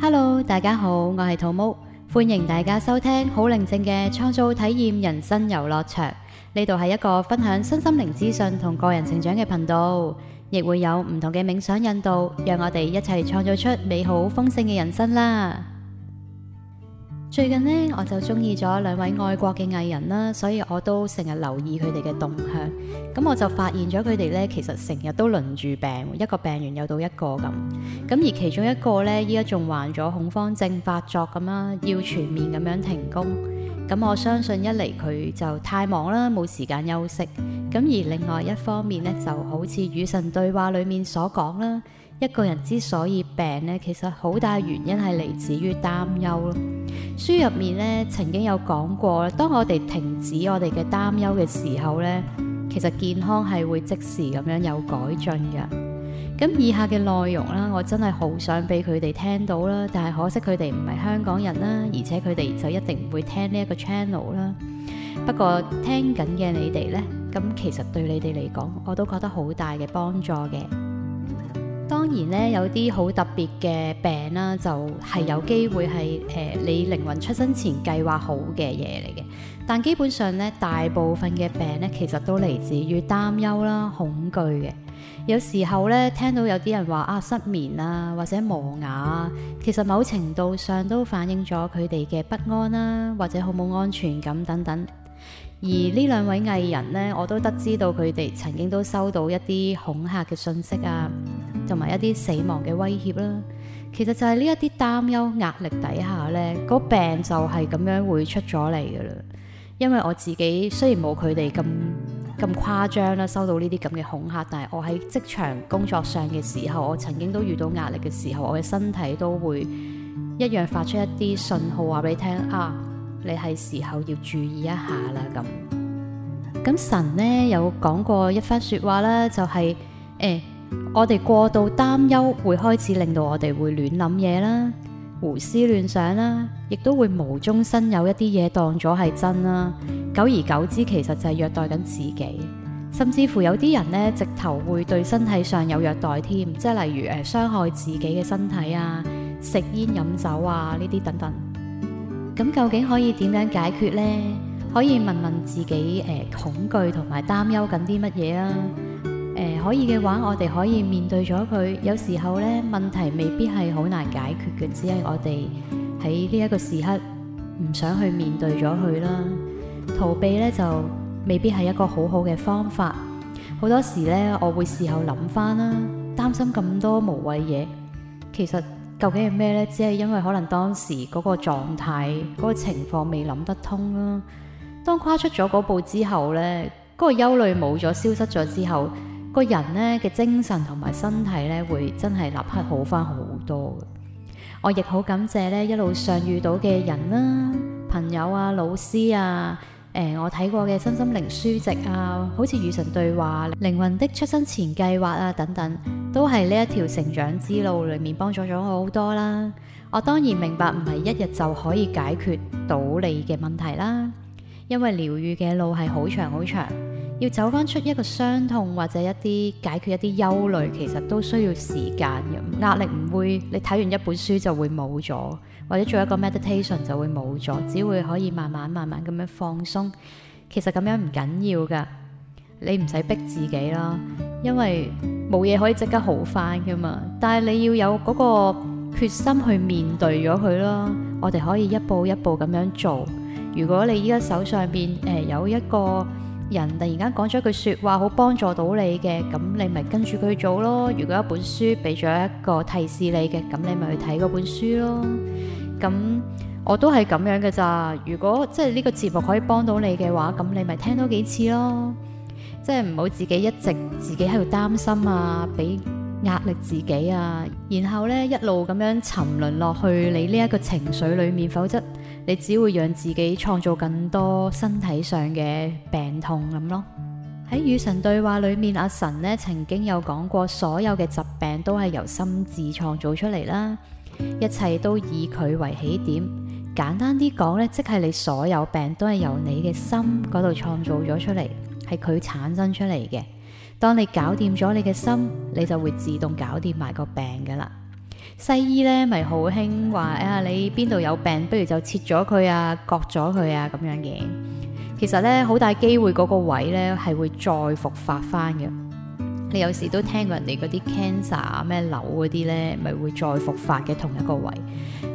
Hello，大家好，我係 Tomo，歡迎大家收聽好寧靜嘅創造體驗人生遊樂場。呢度係一個分享身心靈資訊同個人成長嘅頻道，亦會有唔同嘅冥想引導，讓我哋一齊創造出美好豐盛嘅人生啦。最近呢，我就中意咗兩位外國嘅藝人啦，所以我都成日留意佢哋嘅動向。咁我就發現咗佢哋咧，其實成日都輪住病，一個病完又到一個咁。咁而其中一個咧，依家仲患咗恐慌症發作咁啦，要全面咁樣停工。咁我相信一嚟佢就太忙啦，冇時間休息。咁而另外一方面咧，就好似與神對話裏面所講啦，一個人之所以病咧，其實好大原因係嚟自於擔憂咯。書入面咧曾經有講過咧，當我哋停止我哋嘅擔憂嘅時候咧，其實健康係會即時咁樣有改進嘅。咁以下嘅內容啦，我真係好想俾佢哋聽到啦，但係可惜佢哋唔係香港人啦，而且佢哋就一定唔會聽呢一個 channel 啦。不過聽緊嘅你哋咧～咁其實對你哋嚟講，我都覺得好大嘅幫助嘅。當然咧，有啲好特別嘅病啦、啊，就係、是、有機會係誒、呃、你靈魂出生前計劃好嘅嘢嚟嘅。但基本上咧，大部分嘅病咧，其實都嚟自於擔憂啦、恐懼嘅。有時候咧，聽到有啲人話啊失眠啊，或者磨牙、啊，其實某程度上都反映咗佢哋嘅不安啦、啊，或者好冇安全感等等。而呢兩位藝人呢，我都得知到佢哋曾經都收到一啲恐嚇嘅訊息啊，同埋一啲死亡嘅威脅啦、啊。其實就係呢一啲擔憂壓力底下呢，嗰、那個、病就係咁樣會出咗嚟嘅啦。因為我自己雖然冇佢哋咁咁誇張啦、啊，收到呢啲咁嘅恐嚇，但係我喺職場工作上嘅時候，我曾經都遇到壓力嘅時候，我嘅身體都會一樣發出一啲信號話俾你聽啊。你係時候要注意一下啦，咁咁神呢，有講過一番說話啦，就係、是、誒、欸、我哋過度擔憂會開始令到我哋會亂諗嘢啦，胡思亂想啦，亦都會無中生有一啲嘢當咗係真啦，久而久之其實就係虐待緊自己，甚至乎有啲人呢，直頭會對身體上有虐待添，即係例如誒傷、呃、害自己嘅身體啊，食煙飲酒啊呢啲等等。咁究竟可以點樣解決咧？可以問問自己，誒、呃，恐懼同埋擔憂緊啲乜嘢啊？誒、呃，可以嘅話，我哋可以面對咗佢。有時候咧，問題未必係好難解決嘅，只係我哋喺呢一個時刻唔想去面對咗佢啦。逃避咧就未必係一個好好嘅方法。好多時咧，我會事後諗翻啦，擔心咁多無謂嘢，其實。究竟係咩呢？只係因為可能當時嗰個狀態、嗰、嗰個情況未諗得通啦、啊。當跨出咗嗰步之後呢，嗰、嗰個憂慮冇咗、消失咗之後，個人呢嘅精神同埋身體呢，會真係立刻好翻好多。我亦好感謝呢一路上遇到嘅人啦、啊，朋友啊、老師啊。誒、欸，我睇過嘅身心靈書籍啊，好似《與神對話》《靈魂的出生前計劃》啊，等等，都係呢一條成長之路裏面幫助咗我好多啦。我當然明白唔係一日就可以解決到你嘅問題啦，因為療癒嘅路係好長好長。要走翻出一個傷痛，或者一啲解決一啲憂慮，其實都需要時間。壓力唔會你睇完一本書就會冇咗，或者做一個 meditation 就會冇咗，只會可以慢慢慢慢咁樣放鬆。其實咁樣唔緊要㗎，你唔使逼自己啦，因為冇嘢可以即刻好翻㗎嘛。但係你要有嗰個決心去面對咗佢囉。我哋可以一步一步咁樣做。如果你依家手上邊誒、呃、有一個人突然間講咗句說話好幫助到你嘅，咁你咪跟住佢做咯。如果一本書俾咗一個提示你嘅，咁你咪去睇嗰本書咯。咁我都係咁樣嘅咋。如果即係呢個節目可以幫到你嘅話，咁你咪聽多幾次咯。即係唔好自己一直自己喺度擔心啊，俾壓力自己啊，然後咧一路咁樣沉淪落去你呢一個情緒裏面，否則。你只會讓自己創造更多身體上嘅病痛咁咯。喺與神對話裏面，阿神咧曾經有講過，所有嘅疾病都係由心智創造出嚟啦，一切都以佢為起點。簡單啲講咧，即係你所有病都係由你嘅心嗰度創造咗出嚟，係佢產生出嚟嘅。當你搞掂咗你嘅心，你就會自動搞掂埋個病㗎喇。西醫咧咪好興話啊，你邊度有病，不如就切咗佢啊，割咗佢啊咁樣嘅。其實咧，好大機會嗰個位咧係會再復發翻嘅。你有時都聽過人哋嗰啲 cancer 啊咩瘤嗰啲咧，咪會再復發嘅同一個位，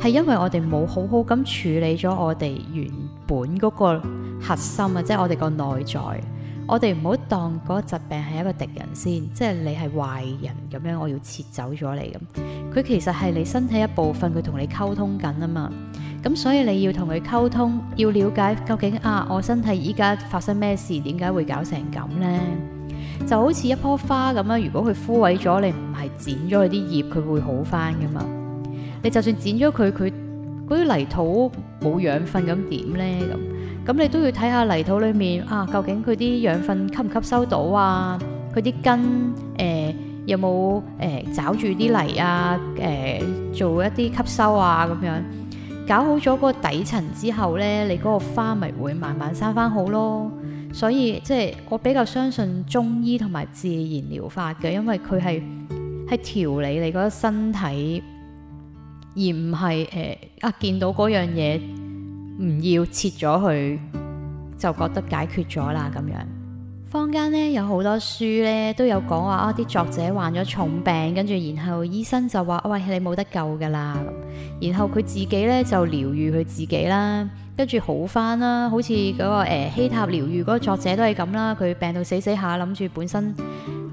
係因為我哋冇好好咁處理咗我哋原本嗰個核心啊，即係我哋個內在。我哋唔好當嗰個疾病係一個敵人先，即係你係壞人咁樣，我要切走咗你咁。佢其實係你身體一部分，佢同你溝通緊啊嘛，咁所以你要同佢溝通，要了解究竟啊，我身體依家發生咩事，點解會搞成咁咧？就好似一棵花咁樣，如果佢枯萎咗，你唔係剪咗佢啲葉，佢會好翻噶嘛？你就算剪咗佢，佢嗰啲泥土冇養分咁點咧？咁咁你都要睇下泥土裏面啊，究竟佢啲養分吸唔吸收到啊？佢啲根誒。呃有冇誒找住啲泥啊？誒、欸、做一啲吸收啊，咁樣搞好咗個底層之後咧，你嗰個花咪會慢慢生翻好咯。所以即係、就是、我比較相信中醫同埋自然療法嘅，因為佢係係調理你嗰個身體，而唔係誒啊見到嗰樣嘢唔要切咗佢，就覺得解決咗啦，咁樣。坊間咧有好多書咧都有講話啊，啲作者患咗重病，跟住然後醫生就話啊，喂，你冇得救噶啦，然後佢自己咧就療癒佢自己啦，跟住好返啦，好似嗰、那個誒、呃、希塔療癒嗰個作者都係咁啦，佢病到死死下，諗住本身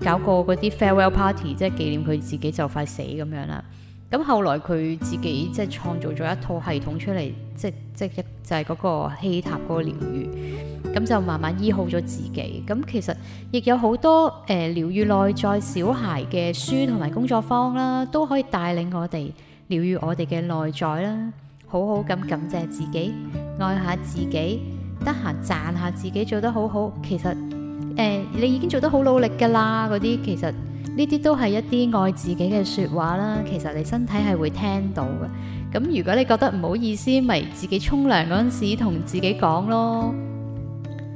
搞個嗰啲 farewell party，即係紀念佢自己就快死咁樣啦，咁後來佢自己即係創造咗一套系統出嚟，即即一就係嗰個希塔嗰個療癒。咁就慢慢醫好咗自己。咁其實亦有好多誒療愈內在小孩嘅書同埋工作坊啦，都可以帶領我哋療愈我哋嘅內在啦。好好咁感謝自己，愛下自己，得閒讚下自己做得好好。其實誒、呃，你已經做得好努力噶啦。嗰啲其實呢啲都係一啲愛自己嘅說話啦。其實你身體係會聽到嘅。咁如果你覺得唔好意思，咪自己沖涼嗰陣時同自己講咯。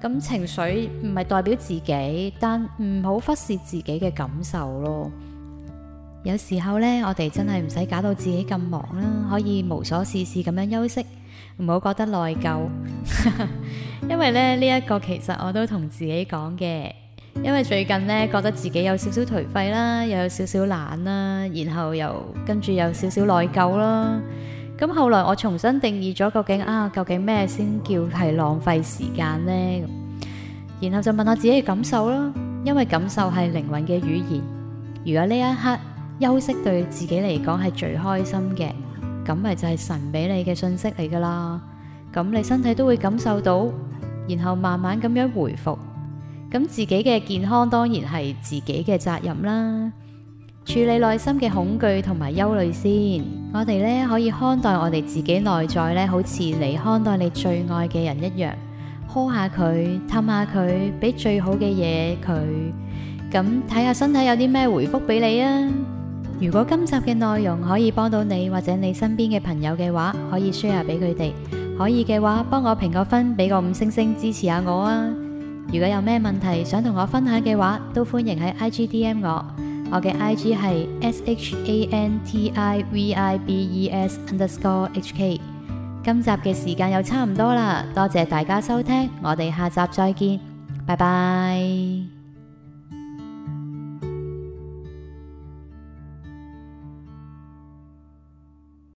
咁情緒唔係代表自己，但唔好忽視自己嘅感受咯。有時候咧，我哋真係唔使搞到自己咁忙啦，可以無所事事咁樣休息，唔好覺得內疚。 因為咧呢一個其實我都同自己講嘅，因為最近呢，覺得自己有少少頹廢啦，又有少少懶啦，然後又跟住有少少內疚啦。咁後來我重新定義咗究竟啊，究竟咩先叫係浪費時間咧？然後就問下自己嘅感受啦，因為感受係靈魂嘅語言。如果呢一刻休息對自己嚟講係最開心嘅，咁咪就係神俾你嘅信息嚟噶啦。咁你身體都會感受到，然後慢慢咁樣回復。咁自己嘅健康當然係自己嘅責任啦。處理內心嘅恐懼同埋憂慮先，我哋咧可以看待我哋自己內在咧，好似你看待你最愛嘅人一樣，呵下佢，氹下佢，俾最好嘅嘢佢，咁睇下身體有啲咩回覆俾你啊！如果今集嘅內容可以幫到你或者你身邊嘅朋友嘅話，可以 share 俾佢哋。可以嘅話，幫我評個分，俾個五星星支持下我啊！如果有咩問題想同我分享嘅話，都歡迎喺 IGDM 我。我嘅 I G 係 S H A N T I V I B E S underscore H K。今集嘅時間又差唔多啦，多謝大家收聽，我哋下集再見，拜拜。